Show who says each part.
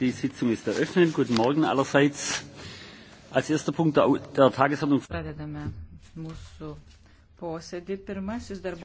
Speaker 1: Die Sitzung ist eröffnet. Guten Morgen allerseits. Als erster Punkt der, der Tagesordnung.
Speaker 2: Pradedame mūsų posėdį. Pirmasis darbo.